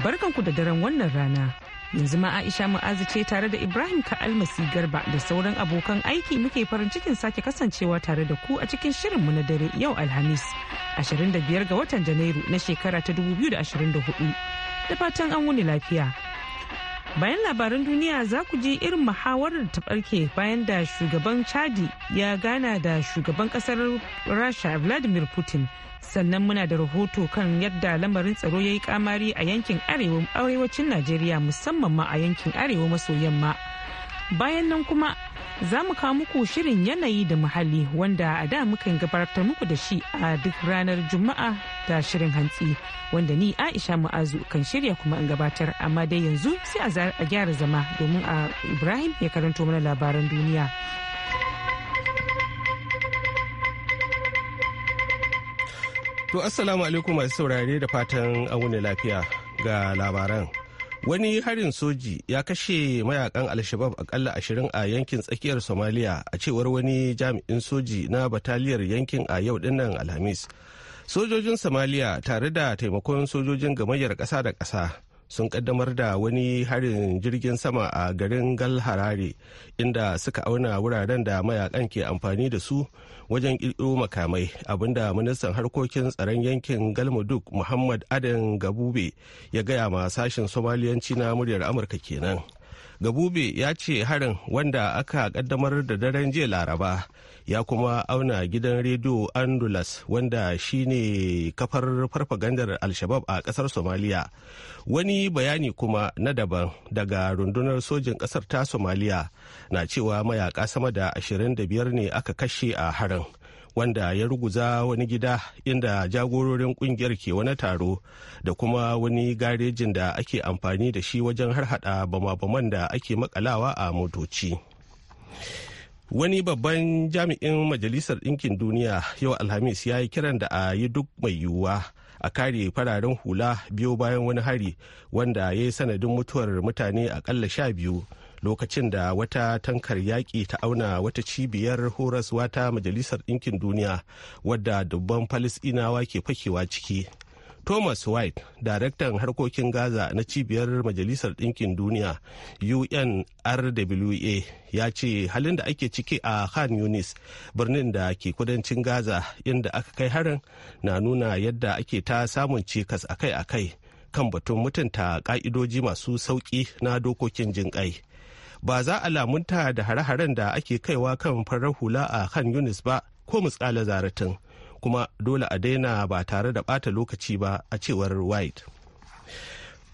Barkanku da daren wannan rana. Yanzu ma Aisha Mu'azu ce tare da Ibrahim Ka'almasi Garba da sauran abokan aiki muke farin cikin sake kasancewa tare da ku a cikin shirinmu na dare yau Alhamis 25 ga watan Janairu na shekara ta 2024. Da fatan an wuni lafiya. bayan labaran duniya za ku ji irin muhawarar ta barke bayan da shugaban chadi ya gana da shugaban kasar rasha vladimir putin sannan muna da rahoto kan yadda lamarin tsaro ya yi kamari a yankin arewacin najeriya musamman ma a yankin arewa maso yamma bayan nan kuma Za mu kawo muku shirin yanayi da muhalli wanda a da mukan gabatar muku da shi a duk ranar Juma'a da shirin hantsi wanda ni Aisha Mu'azu kan shirya kuma in gabatar amma dai yanzu sai a gyara zama domin a Ibrahim ya karanto mana labaran duniya. To Assalamu alaikum masu saurare da fatan an lafiya ga labaran. wani harin soji ya kashe mayakan alshabab akalla ashirin a yankin tsakiyar somaliya a cewar wani jami'in soji na bataliyar yankin a yau dinnan alhamis sojojin somaliya tare da taimakon sojojin gamayyar kasa da kasa. sun kaddamar da wani harin jirgin sama a garin gal harare inda suka auna wuraren da mayakan ke amfani da su wajen ƙirƙiro makamai abinda ministan harkokin tsaron yankin galmuduk muhammad adan gabube ya gaya ma sashen somaliyanci na muryar amurka kenan gabube ya ce harin wanda aka kaddamar da daren jiya laraba ya kuma auna gidan rediyo andulas wanda shine kafar farfagandar alshabab a kasar somaliya wani bayani kuma na daban daga rundunar sojin kasar ta somaliya na cewa mayaka sama da 25 ne aka kashe a harin wanda ya ruguza wani gida inda jagororin kungiyar ke wani taro da kuma wani garejin da ake amfani da shi wajen harhaɗa bama-baman da ake makalawa a motoci. wani babban jami'in majalisar ɗinkin duniya yau alhamis ya yi kiran da a yi duk mai yiwuwa a kare fararen hula biyu bayan wani hari wanda ya yi sanadin mutuwar mutane aƙalla sha biyu lokacin da wata tankar yaƙi ta auna wata cibiyar horaswa ta majalisar ɗinkin duniya wadda dubban falisɗinawa ke fakewa ciki thomas white daraktan harkokin gaza na cibiyar majalisar ɗinkin duniya unrwa ya ce halin da ake ciki a khan yunis birnin da ke kudancin gaza inda aka kai harin na nuna yadda ake ta samun cikas akai-akai kan batun mutunta ƙa'idoji masu sauƙi na dokokin jinƙai ba za a lamunta da hare-haren da ake kaiwa kan farar hula a khan yunis ba ko mutsala zaratin kuma dole a daina ba tare da bata lokaci ba a cewar white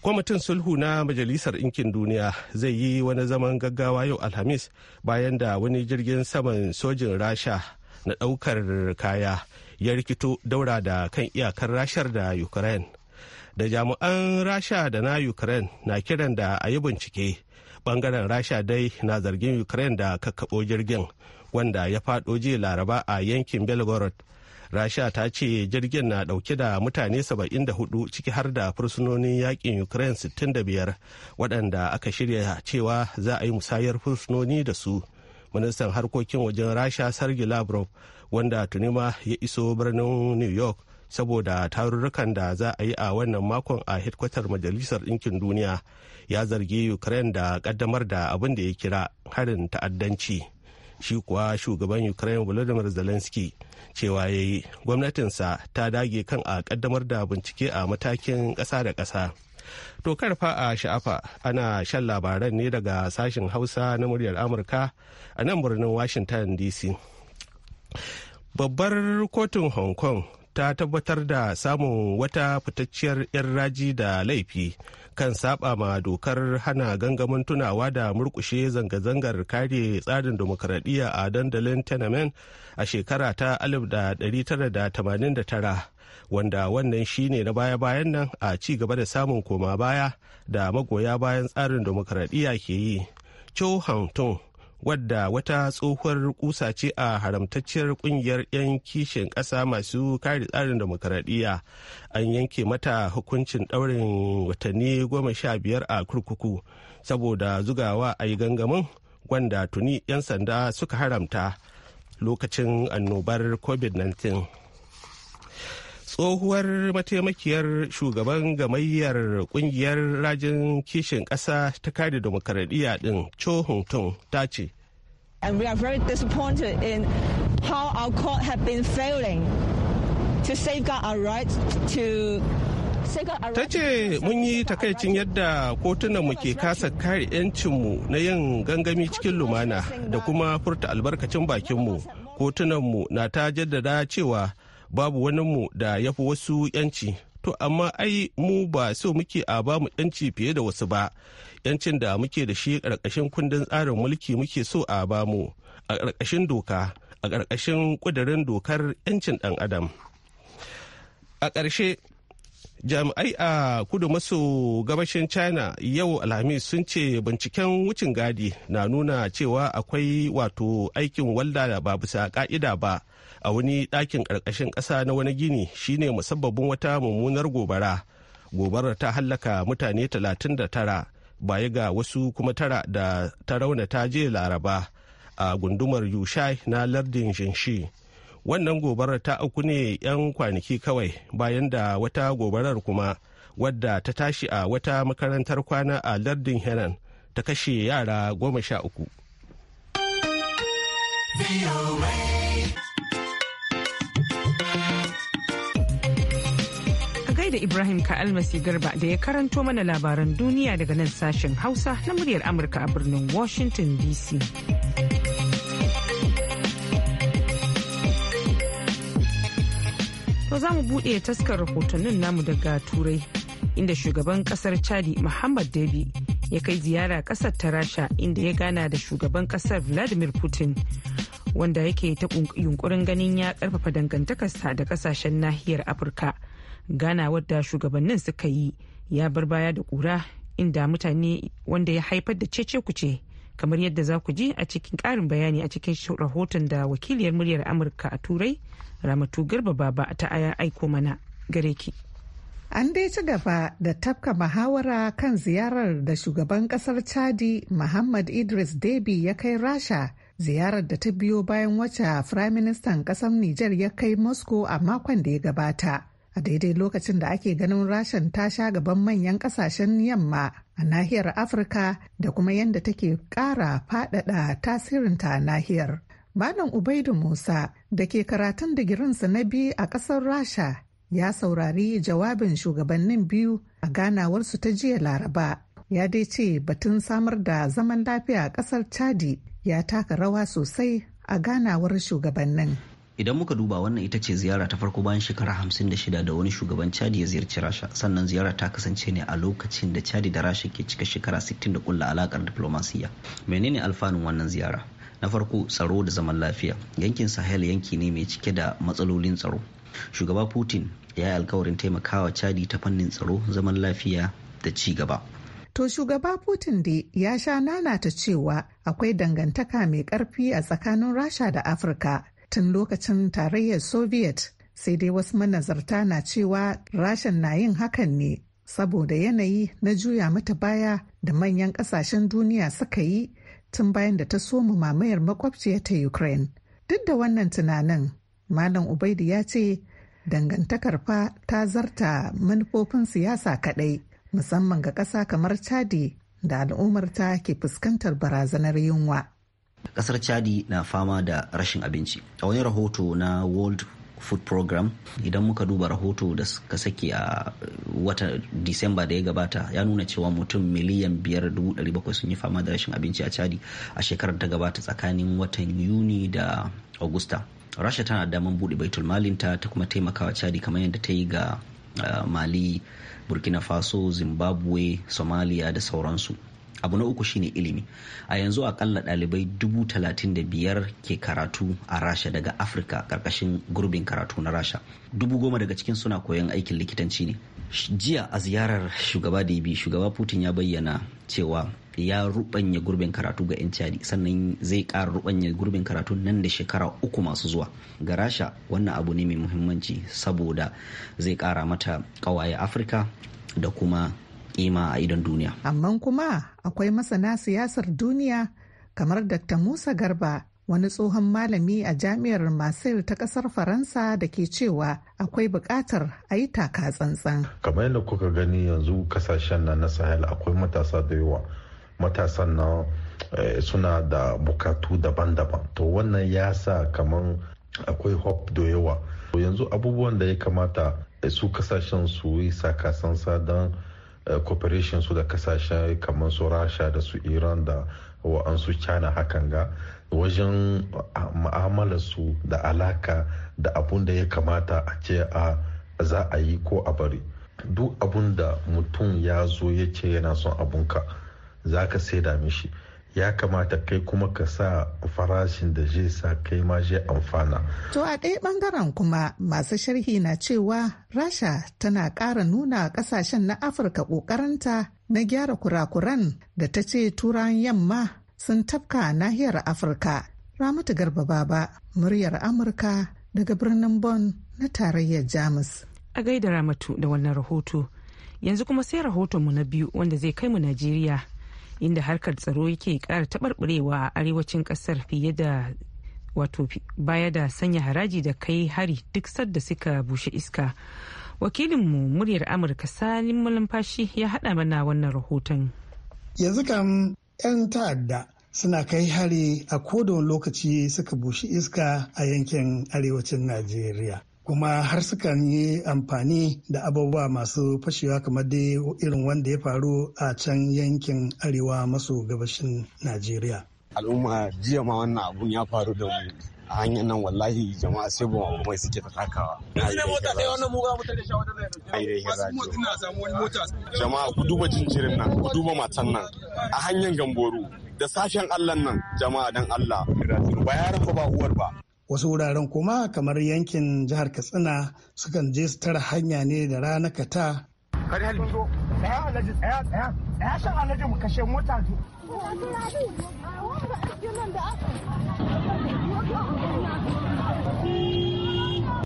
kwamitin sulhu na majalisar ɗinkin duniya zai yi wani zaman gaggawa yau alhamis bayan da wani jirgin saman sojin rasha na ɗaukar kaya ya rikito daura da kan iyakar rashar da ukraine da jami'an rasha da na ukraine na kiran da a yi bincike bangaren rasha dai na zargin ukraine da kakkaɓo jirgin wanda ya faɗo jiya laraba a yankin belgorod rasha ta ce jirgin na dauke da mutane 74 ciki har da fursunonin yakin ukraine 65 waɗanda aka shirya cewa za a yi musayar fursunoni da su ministan harkokin wajen rasha sergei lavrov wanda tuni ya iso birnin new york saboda tarurrukan da za a yi a wannan makon a hedkwatar majalisar ɗinkin duniya ya zargi ukraine da ƙaddamar da abin da ya kira harin ta'addanci. shi kuwa shugaban ukraine volodymyr zelensky cewa ya yi gwamnatinsa ta dage kan a kaddamar da bincike a matakin ƙasa da ƙasa Tokar karfa a sha'afa ana shan labaran ne daga sashen hausa na muryar amurka a nan birnin washington dc babbar kotun hong kong ta tabbatar da samun wata fitacciyar 'yan raji da laifi kan saba ma dokar hana gangamin tunawa da murkushe zanga-zangar kare tsarin demokradiyya a dandalin tenamen a shekara ta 1989 wanda wannan shine na baya-bayan nan a ci gaba da samun koma baya da magoya bayan tsarin demokradiyya ke yi. Cho wadda wata tsohuwar kusa ce a haramtacciyar kungiyar 'yan kishin ƙasa masu kare tsarin demokaradiyya an yanke mata hukuncin ɗaurin watanni goma sha biyar a kurkuku saboda zugawa a yi gangamin wanda tuni 'yan sanda suka haramta lokacin annobar covid-19 tsohuwar mataimakiyar shugaban gamayyar kungiyar rajin kishin ƙasa ta kare demokaradiyya din cho hung ta ce and we are ta ce mun yi takaicin yadda kotunanmu ke kasa kare 'yancinmu na yin gangami cikin lumana da kuma furta albarkacin bakinmu mu na ta jaddada cewa babu wani mu da ya fi wasu yanci to amma ai mu ba so muke a ba mu yanci fiye da wasu ba yancin da muke da shi ƙarƙashin kundin tsarin mulki muke so a ba mu a ƙarƙashin doka a ƙarƙashin ƙudurin dokar yancin ɗan adam a ƙarshe jami'ai a kudu maso gabashin china yau alhamis sun ce binciken wucin gadi na nuna cewa akwai wato aikin walda ba bisa ka'ida ba a wani ɗakin ƙarƙashin ƙasa na wani gini shine musabbabin wata mummunar gobara gobarar ta hallaka mutane 39 baya ga wasu kuma tara da ta raunata je laraba a gundumar yushai na lardin jinshi wannan gobarar ta auku ne 'yan kwanaki kawai bayan da wata gobarar kuma wadda ta tashi a wata makarantar kwana a lardin henan ta kashe yara goma sha uku. da Ibrahim Ka'almasi Garba da ya karanto mana labaran duniya daga nan sashen Hausa na muryar Amurka a birnin Washington DC. To za mu buɗe taskar rahotannin namu daga Turai inda shugaban kasar Chadi Muhammad Dabi ya kai ziyara kasar ta Rasha inda ya gana da shugaban kasar Vladimir Putin. wanda yake ta yunkurin ganin ya karfafa dangantakarsa da kasashen nahiyar afirka ganawar da shugabannin suka yi ya bar baya da kura inda mutane wanda ya haifar da cece kuce kamar yadda za ku ji a cikin karin bayani a cikin rahoton da wakiliyar muryar amurka a turai ramatu garba baba ta aya aiko mana gare ki an dai ci gaba da tafka mahawara kan ziyarar da shugaban kasar chadi muhammad idris debi ya kai rasha ziyarar da ta biyo bayan wacce firaministan kasar niger ya kai moscow a makon da ya gabata a daidai lokacin da ake ganin rashin ta sha gaban manyan kasashen yamma a nahiyar afirka da kuma yadda take kara faɗaɗa tasirinta a nahiyar malam ubaidu musa da ke karatun digirinsa na biyu a ƙasar rasha ya saurari jawabin shugabannin biyu a ganawarsu ta jiya laraba ya dai ce batun samar da zaman lafiya a ƙasar chadi ya taka rawa sosai a ganawar shugabannin idan muka duba wannan ita ce ziyara ta farko bayan shekara hamsin da shida da wani shugaban chadi ya ziyarci rasha sannan ziyara ta kasance ne a lokacin da chadi da rasha ke cika shekara sittin da kulla alakar diplomasiya menene alfanun wannan ziyara na farko tsaro da zaman lafiya yankin sahel yanki ne mai cike da matsalolin tsaro shugaba putin ya yi alkawarin taimakawa chadi ta fannin tsaro zaman lafiya da ci gaba To shugaba Putin dai ya sha nanata cewa akwai dangantaka mai karfi a tsakanin Rasha da Afirka tun lokacin tarayyar soviet sai dai wasu manazarta na cewa rashin na yin hakan ne saboda yanayi na juya mata baya da manyan kasashen duniya suka yi tun bayan da ta so soma mamayar makwabciya ta ukraine duk da wannan tunanin malam ubaidu ya ce dangantakar fa ta zarta manufofin siyasa kadai musamman ga ƙasa kamar chadi da al'ummar ta ke fuskantar barazanar yunwa kasar chadi na fama da rashin abinci a wani rahoto na world food program idan muka duba rahoto da suka sake a uh, wata disamba da ya gabata ya nuna cewa mutum miliyan biyar sun yi fama da rashin abinci a chadi a shekarar ta gabata tsakanin watan yuni da augusta rasha tana daman buɗe baitul malinta ta kuma taimakawa chadi kamar yadda ta yi ga uh, mali burkina faso zimbabwe somalia da sauransu abu na uku shine ilimi a yanzu akalla ɗalibai dubu talatin da biyar ke karatu a rasha daga afirka karkashin gurbin karatu na rasha dubu goma daga cikin suna koyon aikin likitanci ne jiya a ziyarar shugaba da bi shugaba putin ya bayyana cewa ya rubanya gurbin karatu ga 'yan cadi sannan zai kara rubanya gurbin karatu nan da shekara uku masu zuwa ga rasha wannan abu ne mai muhimmanci saboda zai ƙara mata ƙawaye afirka da kuma kima a idon duniya. Amma kuma akwai masana siyasar duniya kamar Dr. Musa Garba wani tsohon malami a jami'ar Marseille ta kasar Faransa da ke cewa akwai bukatar a yi taka tsantsan. Kamar yadda kuka gani yanzu kasashen na na Sahel akwai matasa da yawa. Matasan nan eh, suna da bukatu daban-daban. To wannan ya sa kamar akwai hop da yawa. yanzu abubuwan da ya kamata eh, su kasashen su yi kasansa don Eh, cooperation su da kasashe kamar su rasha da su iran da wa'ansu china hakan ga wajen ma'amalar su da alaka da abun da ya kamata a ce a za a yi ko a bari duk abun da mutum ya zo ya ce yana son abunka za ka da mishi ya kamata kai kuma ka sa farashin da zai sa kai ma zai amfana. To a ɗaya ɓangaren kuma masu sharhi na cewa Rasha tana ƙara nuna ƙasashen na Afirka ƙoƙarinta na gyara kurakuran da ta ce turan yamma sun tafka nahiyar Afirka. Ramatu Garba Baba, muryar Amurka daga birnin Bon na tarayyar Jamus. A gaida Ramatu da wannan rahoto. Yanzu kuma sai rahotonmu na biyu wanda zai kai mu Najeriya. inda harkar tsaro yake kara taɓarɓarewa a arewacin ƙasar fiye da wato baya da sanya haraji da kai hari duk sadda suka bushe iska wakilinmu muryar amurka salim malamfashi ya haɗa mana wannan rahoton yanzu kan 'yan ta'adda suna kai hari a kodon lokaci suka bushe iska a yankin arewacin najeriya kuma har sukan yi amfani da abubuwa masu fashewa kamar dai irin wanda ya faru a can yankin arewa maso gabashin najeriya al'umma jiya ma wannan abun ya faru da mu a hanyar nan wallahi jama'a sai ba mai suke ta takawa jama'a ku duba jinjirin nan ku duba matan nan a hanyar gamboru da sashen allah nan jama'a dan allah ba ya rafa ba uwar ba wasu wuraren kuma kamar yankin jihar katsina sukan je su tara hanya ne da rana ka ta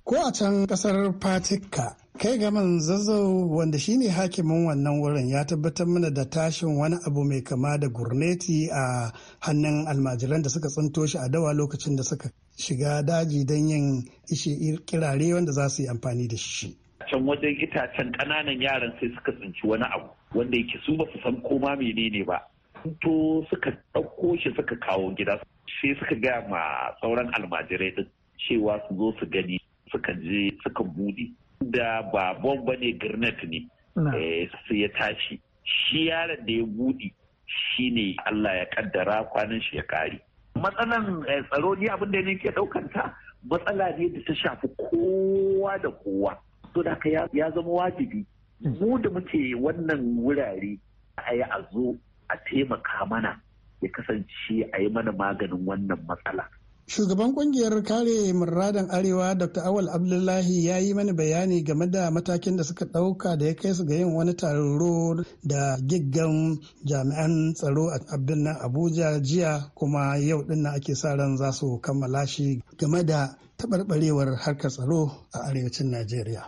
ko a can kasar fatika kai gaman zazzau wanda shine hakimin wannan wurin ya tabbatar mana da tashin wani abu mai kama da gurneti a hannun almajiran da suka tsinto shi a dawa lokacin da suka shiga daji don yin ishe kirare wanda za su yi amfani da shi. can wajen itacen ƙananan yaran sai suka tsinci wani abu wanda yake su ba su san koma menene ba to suka ɗauko shi suka kawo gida sai suka gaya ma sauran almajirai din cewa su zo su gani suka je suka buɗe da ba bane ne girnet ne eh, sai ya tashi shi yaran da ya buɗe shine Allah ya kaddara kwanan shi ya kare matsalan eh, tsaro ni abin da ne ke ɗaukanta matsala ne da ta shafi kowa da kowa to da ya zama wajibi mu da muke wannan wurare a yi a zo a taimaka mana ya kasance a yi mana maganin wannan matsala Shugaban kungiyar kare murradan Arewa Dr. Awal Abdullahi ya yi mani bayani game da matakin da suka ɗauka da ya kai su ga yin wani taro da giggan jami'an tsaro a birnin Abuja jiya kuma yau dinnan ake sa ran za su kammala shi game da taɓarɓarewar harkar tsaro a arewacin Najeriya.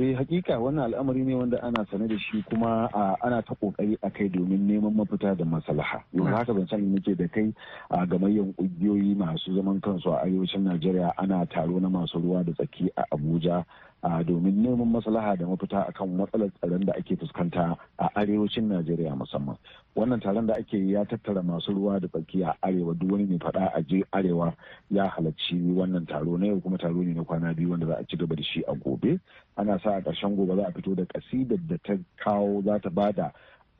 eh hakika wannan al'amari ne wanda ana sane da shi kuma ana ta kokari a kai domin neman mafita da maslaha yanzu hmm. haka ban sani nake da kai a gamayyan kungiyoyi masu zaman kansu a arewacin najeriya ana taro na masu ruwa da tsaki a abuja domin neman maslaha da mafita a kan matsalar tsaron da ake fuskanta a arewacin najeriya musamman wannan taron da ake ya tattara masu ruwa da tsaki a arewa duk wani mai faɗa a je arewa ya halarci wannan taro na yau kuma taro ne na kwana biyu wanda za a ci gaba da shi a gobe ana sa a ƙarshen gobe za a fito da ƙasidar da ta kawo za ta bada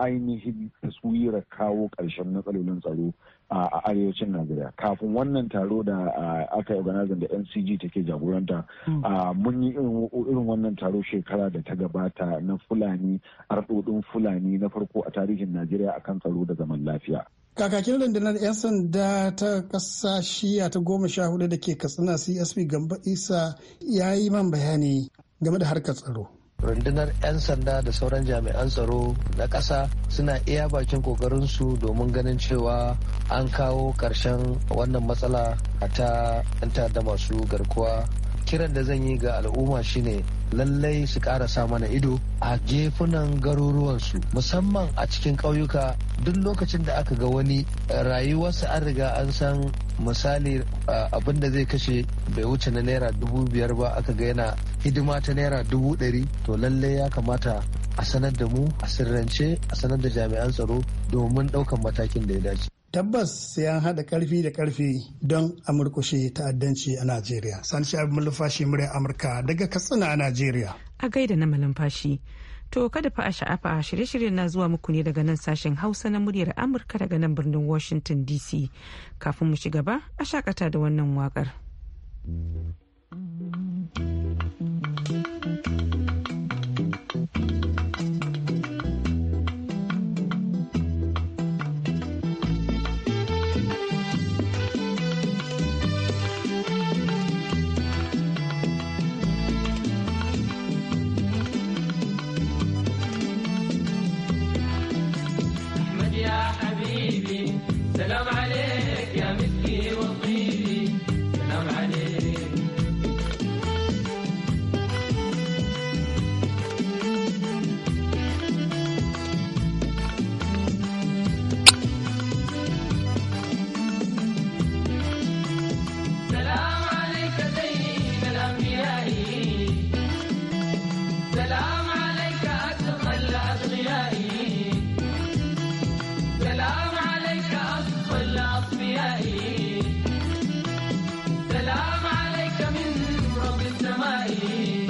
ainihin taswira kawo ƙarshen matsalolin tsaro a arewacin najeriya kafin wannan taro da aka organizing da ncg take jagoranta hmm. mun yi irin wannan taro shekara da ta gabata na fulani arɗoɗin fulani na farko a tarihin najeriya akan tsaro da zaman lafiya kakakin rundunar 'yan sanda ta ƙasa shiya ta goma sha hudu da ke katsina csp gamba isa ya yi man bayani game da harkar tsaro rundunar 'yan sanda da sauran jami'an tsaro na ƙasa suna iya bakin ƙoƙarinsu domin ganin cewa an kawo ƙarshen wannan matsala ta 'yan da masu garkuwa kiran da zan yi ga al'umma shine lallai su sa mana ido a jefunan garuruwansu musamman a cikin ƙauyuka duk lokacin da aka ga wani eh, rayuwarsa an riga an san misali eh, abin da zai kashe bai wuce na naira dubu biyar ba aka ga yana hidima ta naira dubu ɗari to lallai ya kamata a sanar da mu a sirrance a sanar da jami'an tsaro domin ɗaukan matakin da ya dace. tabbas sai an haɗa ƙarfi da ƙarfi don a murkushe ta'addanci a Najeriya. Sani abin Malumfashi murya Amurka daga Katsina a Najeriya. A gaida na Malumfashi. To kada fa a sha'afa shirye shirye na zuwa muku ne daga nan sashen Hausa na muryar Amurka daga nan birnin Washington DC. Kafin mu shiga ba a shakata da wannan waƙar. سلام عليك من رب السماء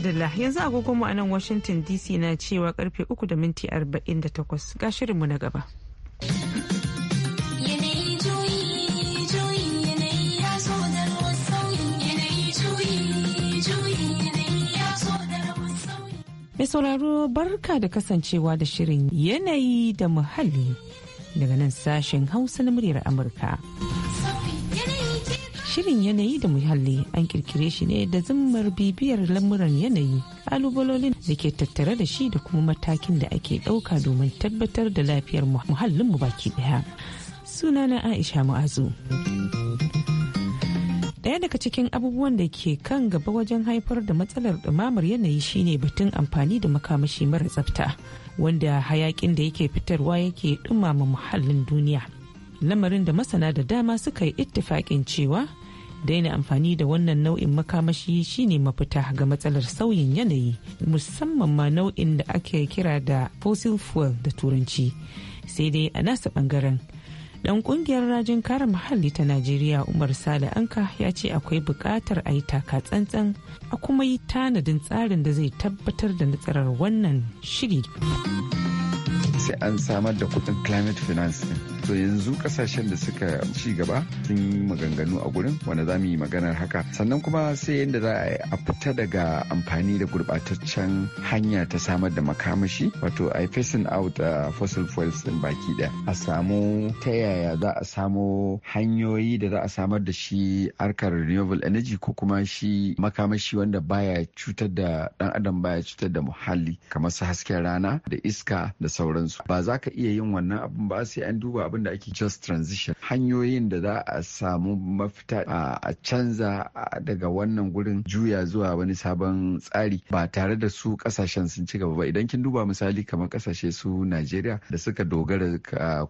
madalla yanzu agogonmu a nan washington dc na cewa karfe 3 da minti 48 ga shirinmu na gaba mai sauraro barka da kasancewa da shirin yanayi da muhalli daga nan sashen hausa na muryar amurka. Shirin yanayi da muhalli an kirkire shi ne da zimmar bibiyar lamuran yanayi, kalubalolin da ke tattare da shi da kuma matakin da ake ɗauka domin tabbatar da lafiyar muhallinmu baki ɗaya. na Aisha Mu'azu. Daya daga cikin abubuwan da ke kan gaba wajen haifar da matsalar ɗumamar yanayi shine batun amfani da makamashi mara tsafta, wanda hayakin da yake fitarwa yake ɗumama muhallin duniya. lamarin da masana da dama suka yi ittifaƙin cewa daina amfani da wannan nau'in makamashi shine mafita ga matsalar sauyin yanayi musamman ma nau'in da ake kira da fossil fuel da turanci sai dai a nasa bangaren dan kungiyar rajin kare muhalli ta najeriya umar sale anka ya ce akwai bukatar a yi taka tsantsan a kuma yi tanadin tsarin da zai tabbatar da nasarar wannan shiri sai an samar da kudin climate finance. so yanzu kasashen da suka ci gaba sun yi maganganu a gurin wanda za mu yi maganar haka sannan kuma sai yadda za a fita daga amfani da gurbataccen hanya ta samar da makamashi wato a facing out uh, fossil fuels din baki daya a samu ta yaya za a samo hanyoyi da za a samar da shi harkar renewable energy ko kuma shi makamashi wanda baya cutar da dan adam baya cutar da muhalli kamar su hasken rana da iska da sauransu ba za ka iya yin wannan abin ba sai an duba abin abin da ake just transition hanyoyin da za a samu mafita a canza daga wannan gurin juya zuwa wani sabon tsari ba tare da su kasashen sun ci gaba ba idan kin duba misali kamar kasashe su Najeriya da suka dogara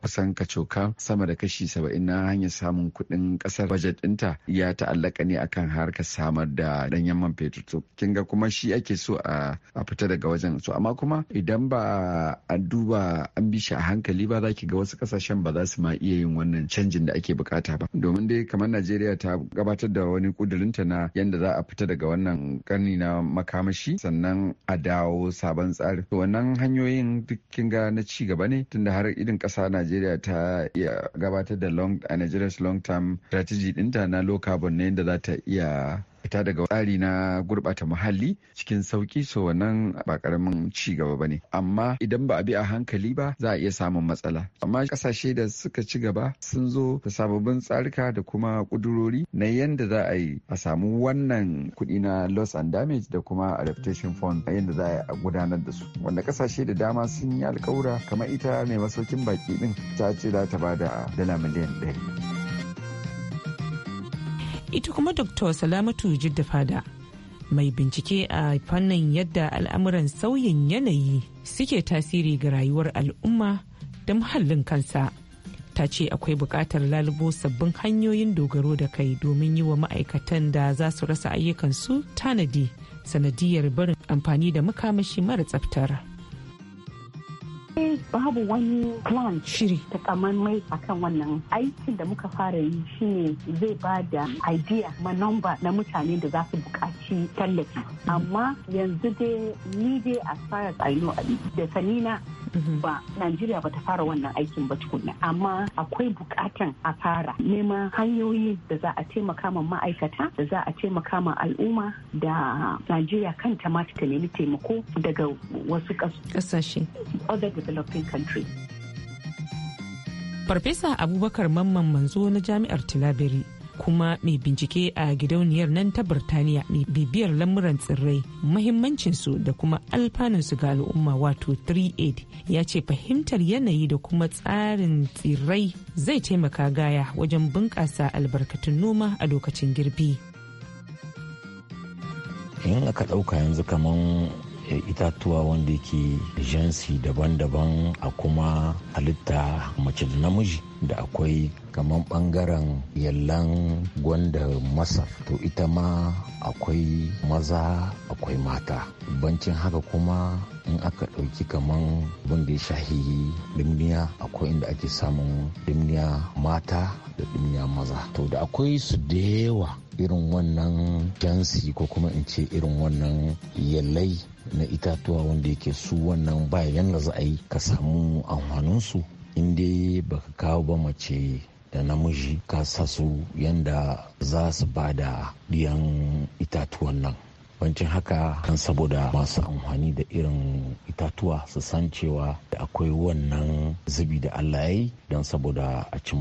kusan kacoka sama da kashi saba'in na hanyar samun kuɗin ƙasar budget ɗinta ya ta'allaka ne akan harkar samar da ɗanyen man fetur to kin ga kuma shi ake so a a fita daga wajen to amma kuma idan ba a duba an bi shi a hankali ba za ki ga wasu kasashen ba ba za su ma iya yin wannan canjin da ake bukata ba domin dai kamar najeriya ta gabatar da wani kudurinta na yadda za a fita daga wannan karni na makamashi sannan a dawo sabon tsari to wannan hanyoyin duk ga na ci gaba ne tunda har irin kasa najeriya ta iya gabatar da long a nigeria's long term strategy dinta na low carbon ne yadda za ta iya fita daga tsari na gurbata muhalli cikin sauki so wannan ba karamin ci gaba bane amma idan ba a bi a hankali ba za a iya samun matsala amma kasashe da suka ci gaba sun zo da sababbin tsarika da kuma kudurori na yadda za a yi a samu wannan kuɗi na loss and damage da kuma adaptation fund a yadda za a gudanar da su wanda kasashe da dama sun yi alkawura kamar ita mai masaukin baki din ta ce za ta ba da dala miliyan ɗari. ita kuma dr salamatu jidda fada mai bincike a fannin yadda al'amuran sauyin yanayi suke tasiri ga rayuwar al'umma da muhallin kansa ta ce akwai buƙatar lalubo sabbin hanyoyin dogaro da kai domin yi wa ma'aikatan da za su rasa ayyukansu tanadi sanadiyar barin amfani da makamashi mara tsaftar. sai babu wani plan shiri ta a kan wannan aikin da muka fara yi shine zai ba da idea ma number na mutane da za su buƙaci tallafi amma yanzu dai ni dai as far as i da sanina ba Najeriya ba ta fara wannan aikin ba tukunna amma akwai bukatan a fara neman hanyoyi da za a taimaka ma ma'aikata da za a taimaka ma al'umma da Najeriya kan ta ma ta nemi taimako daga wasu kasashe other developing countries. Farfesa Abubakar Mamman Manzo na Jami'ar Tilabiri kuma mai bincike a gidauniyar nan ta birtaniya mai bibiyar lamuran tsirrai mahimmancinsu da kuma alfanunsu ga al'umma wato 3 ya ce fahimtar yanayi da kuma tsarin tsirrai zai taimaka gaya wajen bunƙasa albarkatun noma a lokacin girbi in aka ɗauka yanzu kamar e, itatuwa wanda yake jansi daban-daban a kuma halitta mace da namiji da akwai kamar bangaren yallan gwanda masar to ita ma akwai maza akwai mata bancin haka kuma in aka ɗauki kamar wanda ya shahi dimniya akwai inda ake samun dimniya mata da dimniya maza to da akwai su da yawa irin wannan jansi ko kuma in ce irin wannan yallai na itatuwa wanda yake su wannan bayan da za a yi ka samu amfaninsu in dai baka kawo ba mace da namiji ka sa su yanda za su ba da diyan itatuwan nan wancin haka kan saboda masu amfani da irin itatuwa su san cewa da akwai wannan zubi da allah ya yi don saboda a ci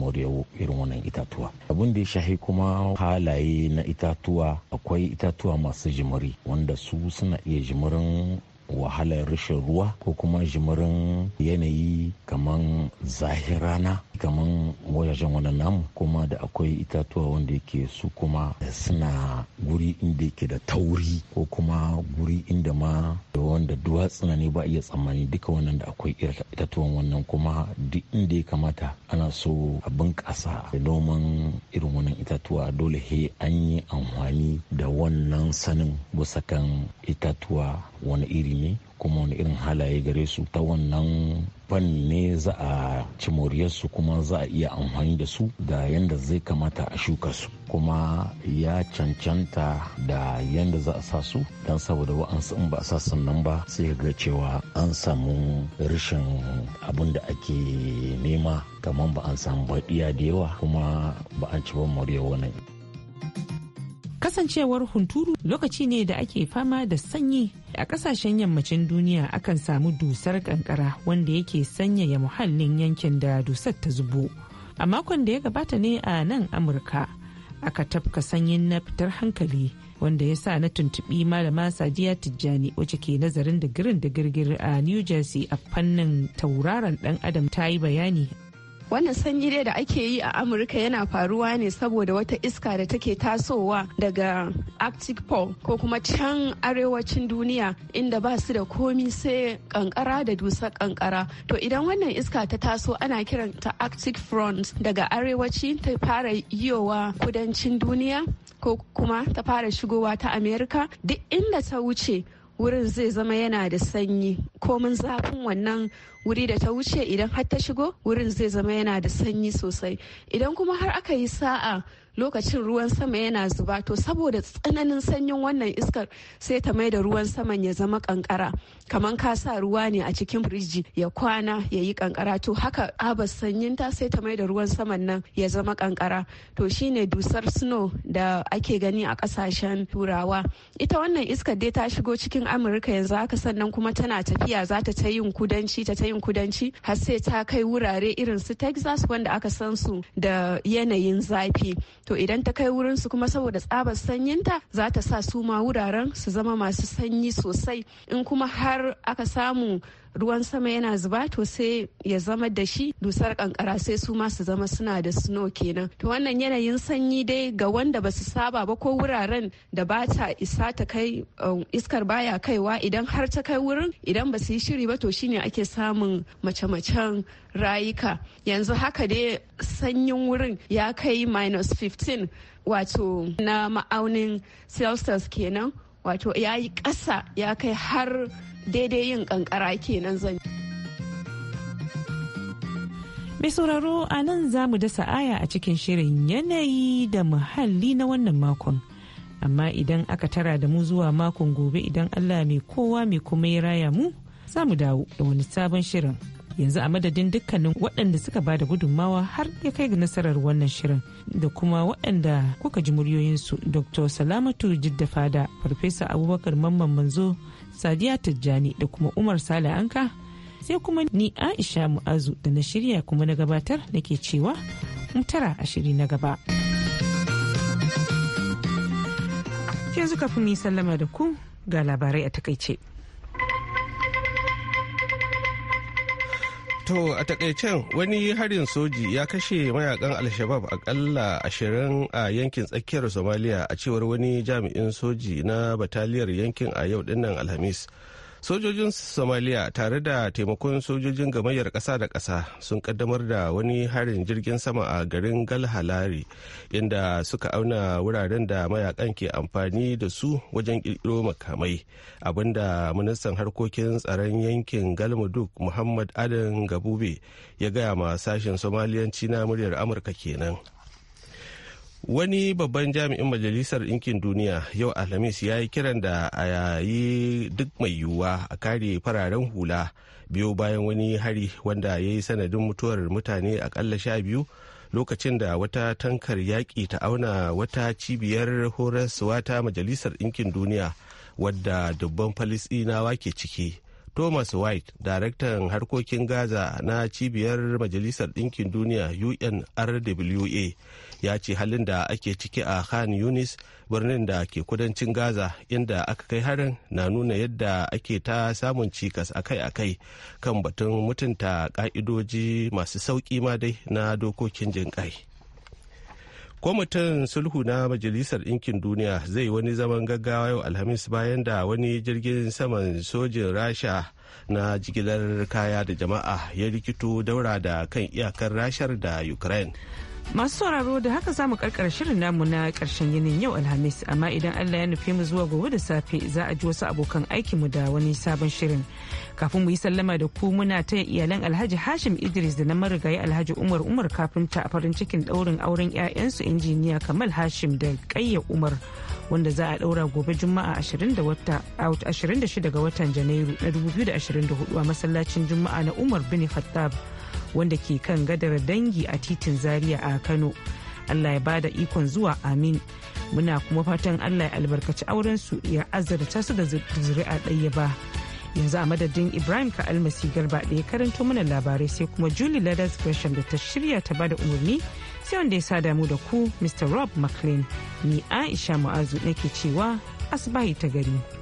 irin wannan itatuwa abin da ya shahi kuma halaye na itatuwa akwai itatuwa masu jimiri wanda su suna iya jimirin wahalar rashin ruwa ko kuma jimirin yanayi kaman zahirana kaman wajajen wannan namu kuma da akwai itatuwa wanda yake su kuma suna guri inda yake da tauri ko kuma guri inda ma wanda duwatsuna ne ba iya tsammani duka wannan da akwai itatuwan wannan kuma duk inda ya kamata ana so a bunƙasa noman irin wannan itatuwa dole he an yi amfani da wannan sanin wasakan itatuwa wani iri ne kuma wani irin halaye gare su ta wannan fanni ne za a ci moriyarsu kuma za a iya amfani da su da yadda zai kamata a shuka su kuma ya cancanta da yadda za a sa su don saboda wa'ansu in ba a sa nan ba sai ga cewa an samu rashin abin da ake nema kamar ba an samu baɗiya da yawa kuma ba an ci ba moriyar wani. kasancewar hunturu lokaci ne da ake fama da sanyi a kasashen yammacin duniya akan samu dusar kankara wanda yake sanyaya muhallin yankin da dusar ta zubo a makon da ya gabata ne a nan amurka aka tafka sanyin na fitar hankali wanda ya sa na tuntubi malama sadiya tijjani wacce ke nazarin digirin da girgir a new jersey a fannin tauraron dan adam ta yi bayani wannan sanyi dai da ake yi a amurka yana faruwa ne saboda wata iska da take tasowa daga arctic pole ko kuma can arewacin duniya inda ba su da komi sai kankara da dusar kankara to idan wannan iska ta taso ana kiranta arctic front daga arewaci ta fara yiwa kudancin duniya ko kuma ta fara shigowa ta amerika duk inda ta wuce wurin zai zama yana da sanyi komin zafin wannan wuri da ta wuce idan har ta shigo wurin zai zama yana da sanyi sosai idan kuma har aka yi sa'a lokacin ruwan sama yana zuba to saboda tsananin sanyin wannan iskar sai ta mai da ruwan saman ya zama kankara kamar ka sa ruwa ne a cikin firiji ya kwana ya yi kankara to haka abas sanyin ta sai ta mai da ruwan saman nan ya zama kankara to shine dusar snow da ake gani a kasashen turawa ita wannan iskar dai ta shigo cikin amurka yanzu haka sannan kuma tana tafiya za ta ta yin kudanci ta ta yin kudanci har sai ta kai wurare irin su texas wanda aka san su da yanayin zafi to idan ta kai wurin su kuma saboda tsabar sanyinta za ta sa su ma wuraren su zama masu sanyi sosai in kuma har aka samu ruwan sama yana zuba to sai ya zama da shi dusar kankara sai su ma su zama suna da snow kenan to wannan yanayin sanyi dai ga wanda ba su saba ba ko wuraren da ba ta isa ta kai um, iskar baya kaiwa idan har ta kai wurin idan ba su yi shiri ba to shine ake samun mace-macen rayuka yanzu haka dai sanyin wurin ya kai minus 15 wato na ma'aunin celsius kenan wato ya yi ƙasa ya kai har daidai yin kankara kenan zan Mai sauraro a nan za mu dasa aya a cikin shirin yanayi da muhalli na wannan makon. Amma idan aka tara da mu zuwa makon gobe idan Allah mai kowa mai kuma ya raya mu, za mu dawo da wani sabon shirin. Yanzu a madadin dukkanin waɗanda suka bada gudunmawa har ya kai ga nasarar wannan shirin da kuma waɗanda kuka ji muryoyinsu Dr. Salamatu Jiddafada, Farfesa Abubakar Mamman Manzo, sadiya tijjani da kuma umar sale anka sai kuma ni aisha mu'azu da na shirya kuma na gabatar nake cewa mutara shiri na gaba yanzu kafin mu yi sallama da ku ga labarai a takaice. To a takaicen wani harin soji ya kashe mayakan Alshabab akalla ashirin a yankin tsakiyar somaliya a cewar wani jami'in soji na bataliyar yankin a yau dinnan Alhamis. sojojin somaliya tare da taimakon sojojin gamayyar ƙasa da ƙasa sun kaddamar da wani harin jirgin sama a garin galhalari inda suka auna wuraren da mayakan ke amfani da su wajen ƙirƙiro makamai abinda ministan harkokin tsaron yankin galmudug muhammad adan gabube ya gaya ma sashen somaliyanci na muryar amurka kenan wani babban jami'in majalisar ɗinkin duniya yau alhamis ya yi kiran da a yayi duk mai yiwuwa a kare fararen hula biyu bayan wani hari wanda ya yi sanadin mutuwar mutane akalla sha biyu lokacin da wata tankar yaƙi ta auna wata cibiyar horaswa ta majalisar ɗinkin duniya wadda dubban falisɗinawa ke ciki thomas white daraktan harkokin gaza na cibiyar majalisar ɗinkin duniya unrwa ya ce halin da ake ciki a khan yunis birnin da ke kudancin gaza inda aka kai harin na nuna yadda ake ta samun cikas akai-akai kan batun mutunta ka'idoji masu sauƙi ma dai na dokokin jinƙai. kwamitin sulhu na majalisar ɗinkin duniya zai wani zaman gaggawa yau alhamis bayan da wani jirgin saman sojin rasha na jigilar kaya da jama'a ya rikito daura da kan iyakar rashar da ukraine Masu sauraro da haka za mu karkara shirin namu na karshen yinin yau Alhamis amma idan Allah ya nufi mu zuwa gobe da safe za a ji wasu abokan mu da wani sabon shirin. Kafin mu yi sallama da ku muna ta iyalan Alhaji Hashim Idris da na marigayi Alhaji Umar Umar kafinta a farin cikin daurin auren 'ya'yansu injiniya Kamal Hashim da Kayya Umar wanda za a daura gobe Juma'a 26 ga watan Janairu na 2024 a masallacin Juma'a na Umar bin Khattab. wanda ke kan gadar dangi a titin zaria a kano allah ya bada ikon zuwa amin muna kuma fatan allah ya albarkaci auren su ya azurta su da zuri'a ɗaya ba yanzu a madadin ibrahim ka almasi garba da karanto mana labarai sai kuma julie ladas gresham da ta shirya ta bada umarni sai wanda ya sada mu da ku mr rob mclean ni aisha mu'azu nake cewa asibahi ta gari.